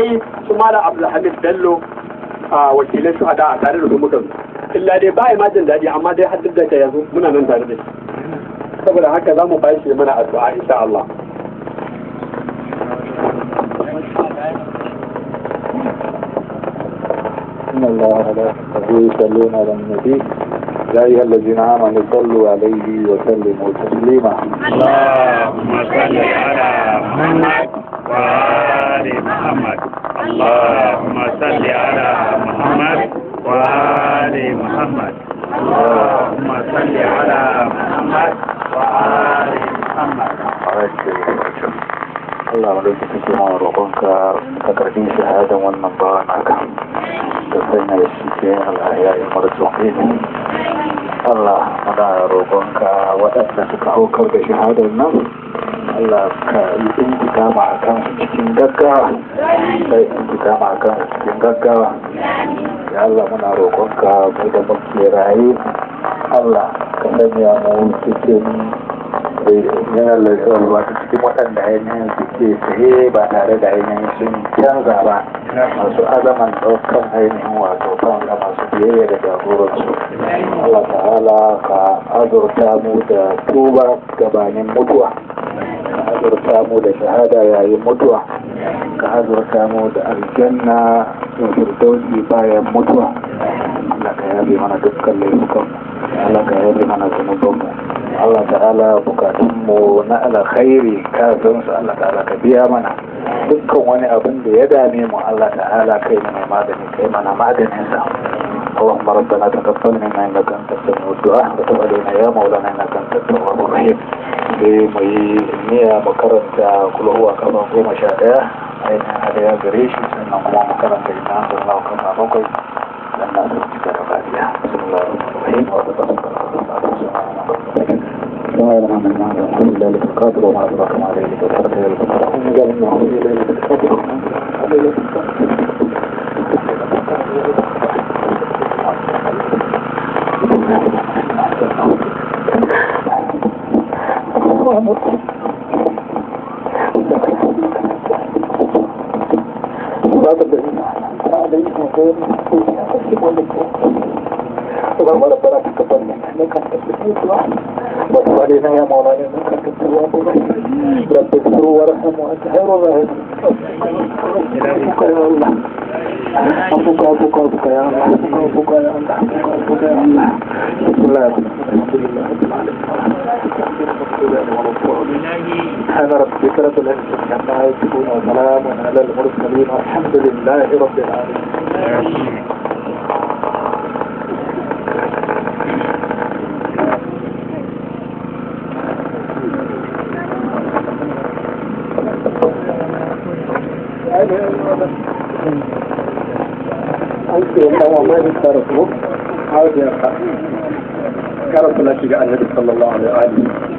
akwai su mala abdulhamid bello a wakilai su a da tare da su muka illa dai ba ma jin daɗi amma dai har da yanzu muna nan tare da shi saboda haka za mu bashi mana addu'a insha Allah إن الله لا يصلون على النبي يا أيها الذين آمنوا صلوا عليه وسلموا تسليما اللهم صل على محمد وعلى محمد اللهم صل على محمد وآل محمد اللهم صل على محمد وآل محمد Allah madauki take ma roƙonka ka karbi shahadan wannan ba bawan ka da sanya da shi ke alhayayi marasa ilimi Allah muna roƙonka waɗanda suka haukar da shahadar nan Allah ka yi intika ma a kan cikin gaggawa ka yi intika ma a kan cikin gaggawa ya Allah muna roƙonka mu da muke raye Allah ka sanya mu cikin eh, yana lalata wato cikin waɗanda ainihin suke tsaye ba tare da ainihin sun canza ba masu azaman ɗaukan ainihin wato kan da masu biyayya da jagoransu Allah ta'ala ka azurta mu da tuba gabanin mutuwa azurta mu da shahada yayin mutuwa ka azurta mu da aljanna da firdausi bayan mutuwa Allah ka yabe mana dukkan laifukan Allah ka yabe mana zunubanmu Allah ta'ala bukatunmu na alkhairi ka san su Allah ta'ala ka biya mana dukkan wani abin da ya dame mu Allah ta'ala kai mana magani kai mana maganin sa اللهم ربنا تقبل منا انك انت السميع الدعاء وتب علينا يا مولانا انك انت التواب الرحيم بمي المية مكرم كل هو كما هو مشاهدة أين هذا بريش بسم الله الرحمن الرحيم بسم الله الرحمن الرحيم بسم الله الرحمن الرحيم بسم الله الرحمن الرحيم Thank you. علينا يا مولانا انك التواب الرحيم رب اغفر وارحم وانت خير الراحمين يا الله حسبك ربك ربك يا الله حسبك ربك يا الله حسبك ربك يا الله الحمد لله رب العالمين كارثه او كارثه التي قال النبي صلى الله عليه وسلم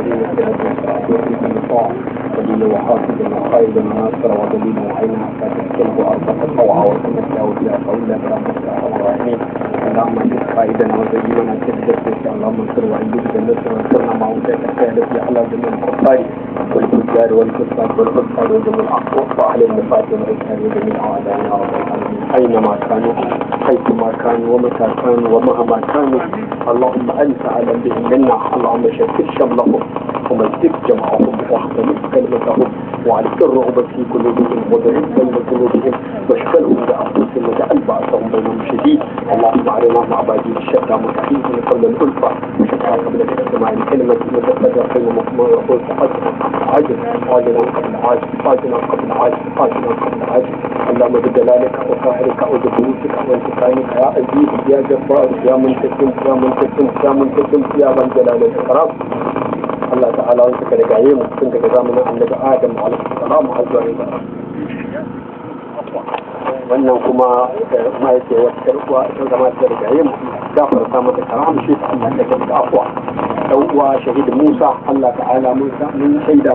وفيه النطاع دليل وحاسد وقائد وناصر ودليل وعين فتحكمه أرض الطوع وكنت له بلا قول برحمتك أرحم الراحمين اللهم انصر قائدا وزينا كذبتك اللهم انصر وعيدك بالنصر وانصرنا مع وجهك الثالث على جميع الخطايا والفجار والفساد والفساد وجميع الحق واهل النفاق والاسلام وجميع اعدائنا يا رب العالمين اينما كانوا حيثما كانوا ومتى كانوا ومهما كانوا اللهم انت على بهم منا اللهم شتت شملهم قبلتهم وعليك الرغبة في قلوبهم وبعد بين قلوبهم إلى أنفسهم وجعل بعثهم بينهم شديد اللهم علينا مع بعدين الشتى من قبل الألفة وشتى قبل الاجتماع الكلمة المتفقة بين مطمئن يقول تقدم عاجل عاجلا قبل عاجل عاجلا قبل عاجل عاجلا قبل عاجل اللهم بدلالك وقهرك وجبروتك وانتقامك يا عزيز يا جبار يا منتقم يا منتقم يا منتقم يا من جلال الإكرام Allah ta'ala wasu suka gaye mu mutum daga zamanin annabi Adam alaihi salam har zuwa yau wannan kuma kuma yake wata karkuwa ita zama ta daga yi gafar samun da karam shi ta Allah da gaba afwa dan uwa shahid Musa Allah ta'ala mun shaida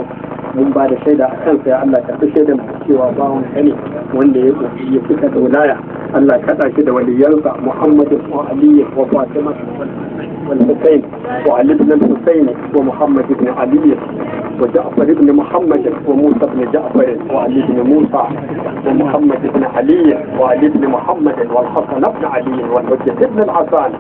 mun ba da shaida a kansa ya Allah karɓi shaidan cewa bawan ka ne wanda ya kokari ya fita da wilaya Allah kaɗa shi da waliyansa Muhammadu wa Aliyu wa Fatima wal Hussein wa Ali bin Hussein ko Muhammadu bin Aliyu وجعفر بن محمد وموسى بن جعفر وعلي بن موسى ومحمد بن علي وعلي بن محمد والحسن بن علي والحجة بن الحسن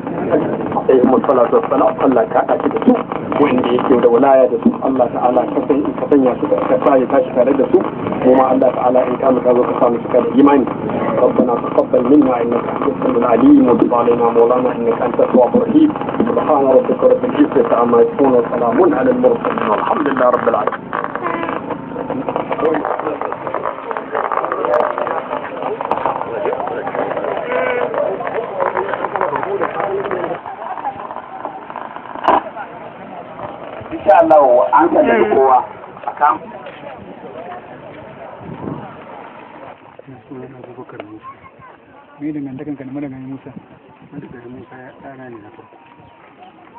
عليهم الصلاة والسلام الله تعالى كده وإن يجي ولاية الله تعالى su Allah ta'ala ka sanya su ka sa ya tashi tare da su ربنا تقبل منا انك انت العليم وتب علينا مولانا انك انت التواب رهيب سبحان ربك عما يصفون وسلام على المرسلين والحمد لله رب العالمين insha Allah an sallami kowa a kam Ni da gandakan kan mara ganin Musa, wanda ganin Musa ya ɗana ne na farko.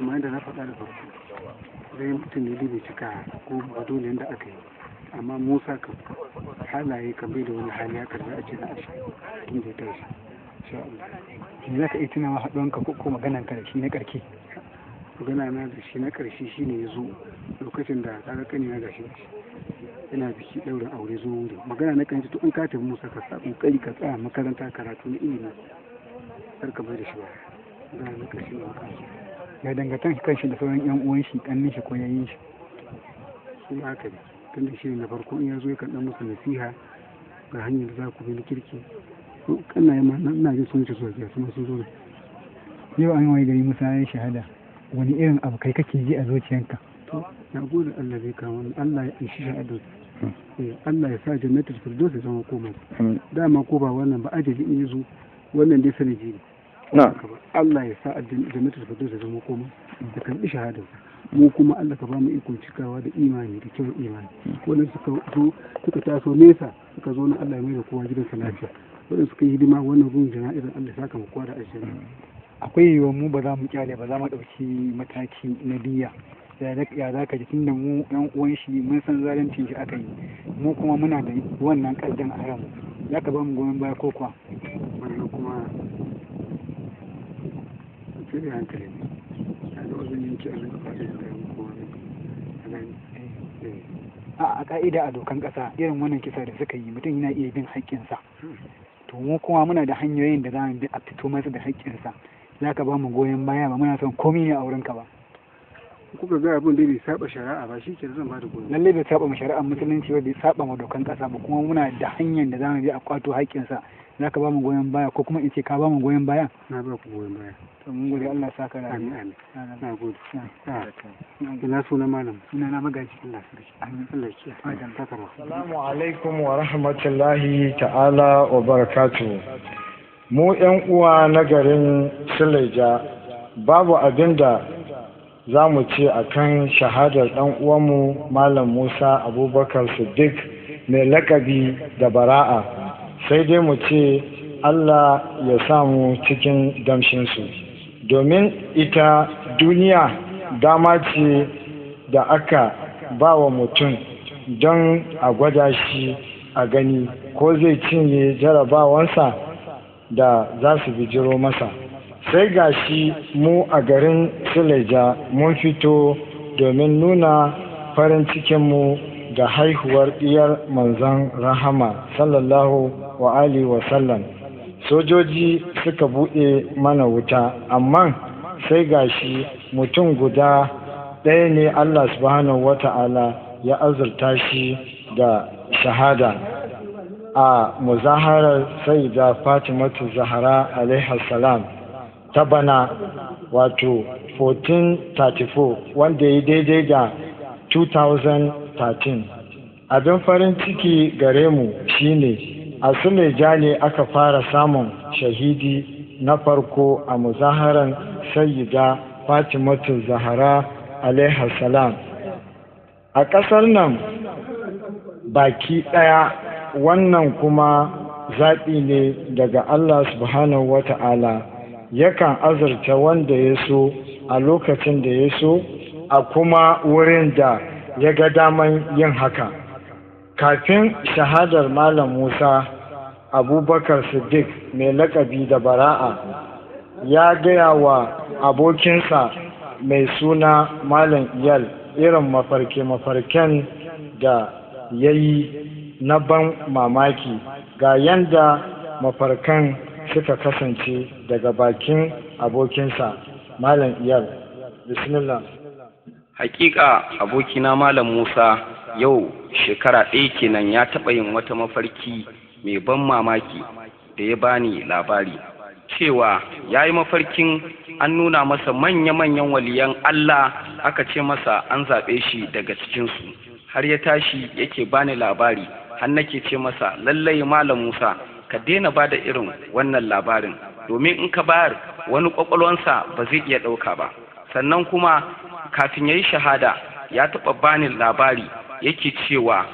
amma yadda na faɗa da farko zai mutum ne bai cika ko ba dole yadda aka yi amma musa kan halaye kan bai da wani hali ya za a cikin ashe tun zai tashi insha Allah me zaka yi tunawa haɗuwanka ko ko maganan ka da shi na ƙarshe. magana na da shi na ƙarshe shine ya zo lokacin da kaga kani na gashi da biki ɗaurin aure zo wuri magana na ƙarshe to in ka musa ka sa ƙoƙari ka tsaya makaranta karatu na ilimi kar ka bai da shi ba magana na ƙarshe na ya dangantar kanshi da sauran yan uwan shi kannin shi ko yayin shi shi haka ne da shi na farko in ya zo ya kan dan musu nasiha ga hanyar da za ku bi na kirki kana yi ma na ji sun ci su ga sun zo yau an waye gari musa ya shahada wani irin abu kai kake ji a zuciyanka to na gode Allah zai kawo Allah ya ishi shahada eh, Allah ya sa jannatul firdaus ya zama komai dama ko ba wannan ba ajali in yi zo wannan dai sanaji ne Allah ya sa da firdaus ta zama koma da ɗi shahadarsa mu kuma Allah ka ba mu ikon cikawa da imani da kyau imani wannan suka zo suka taso nesa suka zo na Allah ya mai da kowa gidan lafiya wannan suka yi hidima wannan ruwan jana'izar Allah ya saka mu kowa da akwai yiwuwar mu ba za mu kyale ba za mu ɗauki mataki na diya ya za ka ji tun da mu yan uwan shi mun san zalincin shi aka yi mu kuma muna da wannan ƙarfin a ya ka ba mu goyon baya ko kuwa wannan kuma da eh. a ka'ida a dokan ƙasa irin wannan kisa da suka yi mutum yana iya bin haƙƙinsa to mu kuma muna da hanyoyin da za mu bi a fito masa da haƙƙinsa za ka ba mu goyon baya ba muna son komi ne a wurinka ba kuka ga abin da bai saba shari'a ba shi ke zan ba da goyon lalle bai saba shari'a musulunci ba bai saba ma dokan ƙasa ba kuma muna da hanyar da za mu bi a kwato haƙƙinsa za ka ba mu goyon baya ko kuma in ce ka ba mu goyon baya na ba ku goyon baya to mun gode Allah sa ka rami amin na ah, suna malam suna na magaji Allah sarki amin Allah assalamu alaikum wa rahmatullahi ta'ala wa barakatuh mu yan uwa na garin sulaija babu abinda za mu ce akan shahadar ɗan uwanmu malam Musa Abubakar Siddiq mai lakabi da bara'a sai dai mu ce Allah ya samu cikin damshinsu domin ita duniya dama ce da aka ba wa mutum don a gwada shi a gani ko zai cinye jarabawansa da za su bijiro masa sai ga shi mu a garin sileja mun fito domin nuna farin cikinmu da haihuwar ɗiyar manzan rahama sallallahu wa Ali wa sallam sojoji suka buɗe mana wuta amma sai gashi mutum guda ɗaya ne Allah subhanahu wa ta'ala ya azurta shi da shahada a muzaharar sai da fatimatu zahara alaihi salam ta bana wato 1434 wanda ya daidai da 2013 abin farin ciki gare mu shine a suleja ne aka fara samun shahidi na farko a muzaharan sayyida fatimatu zahara salam a ƙasar nan baki ɗaya wannan kuma zaɓi ne daga allah subhanahu wa ta'ala yakan azurta wanda ya so a lokacin da ya so a kuma wurin da ya ga daman yin haka kafin shahadar malam musa abubakar siddiq mai lakabi da bara'a ya gaya wa abokinsa mai suna malam iyal irin mafarke-mafarken da ya yi na ban mamaki ga yanda mafarkan suka kasance daga bakin abokinsa malam iyal bismillah hakika abokina malam musa yau shekara ɗaya kenan ya taɓa yin wata mafarki mai ban mamaki da ya bani labari cewa ya yi mafarkin an nuna masa manya-manyan waliyan Allah aka ce masa an zaɓe shi daga cikinsu har ya tashi yake bani labari har nake ce masa lallai malam Musa ka daina ba da irin wannan labarin domin in ka bayar wani kwakwalwansa ba zai iya ɗauka ba sannan kuma kafin ya yi shahada ya taɓa bani labari yake cewa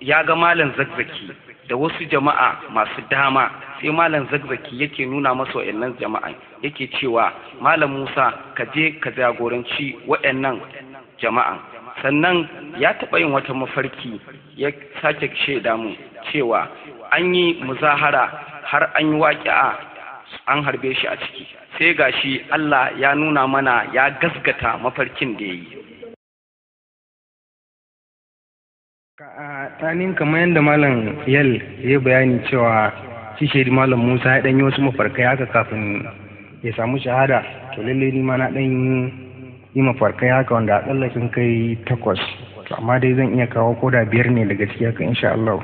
ya ga malam zagzaki da wasu jama'a masu dama sai malam zagzaki yake nuna masa wa'annan jama'a yake cewa malam musa ka je ka jagoranci wa'annan jama'a sannan ya taɓa yin wata mafarki ya sake shaida mu cewa an yi muzahara har an yi waƙi'a an harbe shi a ciki sai gashi allah ya nuna mana ya gasgata mafarkin da ya yi tsanin kamar yadda malam yal ya bayani cewa shi shaidi malam musa ya danyi wasu mafarkai haka kafin ya samu shahada to lallai ni ma na ɗan yi mafarkai haka wanda a tsallakin kai takwas to amma dai zan iya kawo koda biyar ne daga ciki haka insha Allah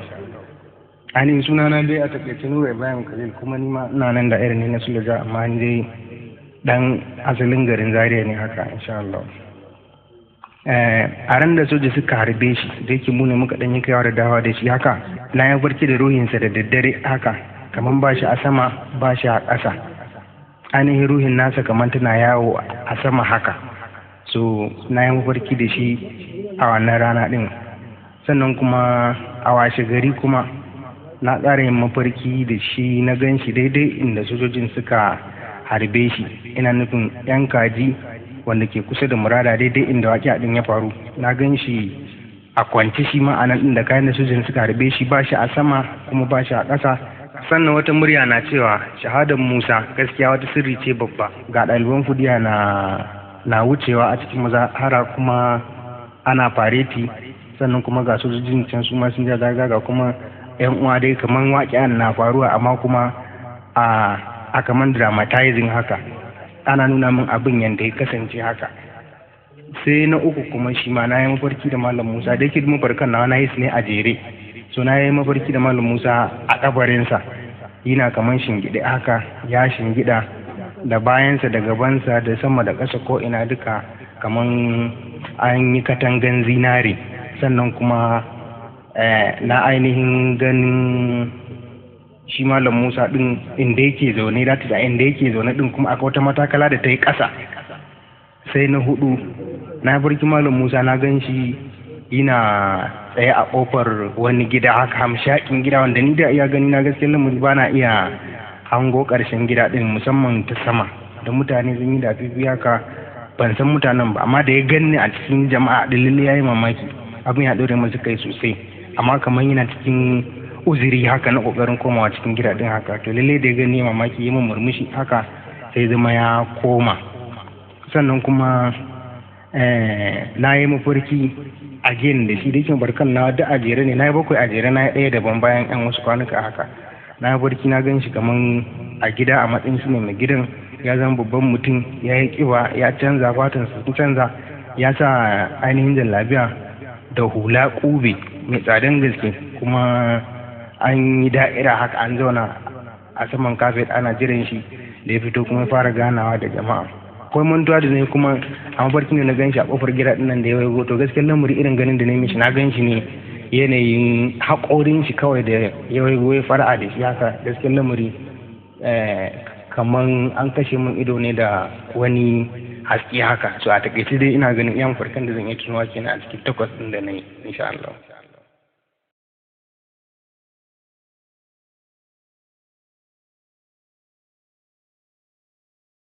ani suna na dai a takaice nura ibrahim khalil kuma ni ma ina nan da irin ne na sulaja amma ni dai dan asalin garin zaria ne haka insha Allah Eh, a ran da soja suka harbe shi da yake muna muka dan yi kaiwa da dawa da shi haka na ya barci da ruhinsa da daddare haka kamar ba shi a sama ba shi a ƙasa ainihin ruhin nasa kamar tana yawo a sama haka so na yi mafarki da shi a wannan rana ɗin sannan kuma a washe gari kuma na ƙara yin mafarki da shi na gan shi daidai inda sojojin suka harbe shi ina nufin 'yan kaji wanda ke kusa da murada daidai inda waƙi din ya faru na gan shi a kwance shi ma anan da kayan da sojin suka harbe shi ba shi a sama kuma ba shi a ƙasa sannan wata murya na cewa shahadar musa gaskiya wata sirri ce babba ga ɗaliban fudiya na na wucewa a cikin mazahara kuma ana fareti sannan kuma ga sojojin can su ma sun ja ga kuma yan uwa dai kamar waƙiyan na faruwa amma kuma a a kamar dramatizing haka ana nuna min abin yadda ya kasance haka sai na uku kuma shi ma na yi mafarki da malam musa da yake mafarkan na yi su ne a jere so na yi mafarki da malam musa a kabarinsa yana kamar shingiɗe haka ya shingida da bayansa da gabansa da sama da ƙasa ko ina duka kaman an yi katangan zinare sannan kuma eh, na ainihin ganin shi malam musa din inda yake zaune da da inda yake zaune din kuma akwai wata matakala da ta yi ƙasa sai na hudu na barki malam musa na gan shi yana tsaye a kofar wani gida haka hamshakin gida wanda ni da iya gani na gaskiya lamun ba na iya hango ƙarshen gida din musamman ta sama da mutane sun yi da fifi haka ban san mutanen ba amma da ya ganni a cikin jama'a dalilin ya yi mamaki abin ya ɗore masu kai sosai amma kamar yana cikin uziri haka na kokarin komawa cikin gida din haka to lalle da gani mamaki yi murmushi haka sai zama ya koma sannan kuma eh, na yi mafarki a jin da shi da barkan na da ajere ne na yi bakwai ajere na yi ɗaya daban bayan yan wasu kwanuka haka na yi barki na gan shi kaman a gida a matsayin shi mai gidan ya zama babban mutum ya yi kiba ya canza fatan sun canza ya sa ainihin jallabiya da hula kube mai tsadan gaske kuma an yi da'ira haka an zauna a saman kafet ana jiran shi da ya fito kuma fara ganawa da jama'a akwai mantuwa da ne kuma a mafarkin da na gan shi a kofar gida din da ya waigo to gaskiyar lamari irin ganin da na mishi na gan shi ne yanayin haƙorin shi kawai da ya waigo ya fara'a da shi haka gaskiyar lamari eh, kamar an kashe mun ido ne da wani haske haka to a takaice dai ina ganin iyan farkan da zan iya tunawa kenan a cikin takwas din da na yi insha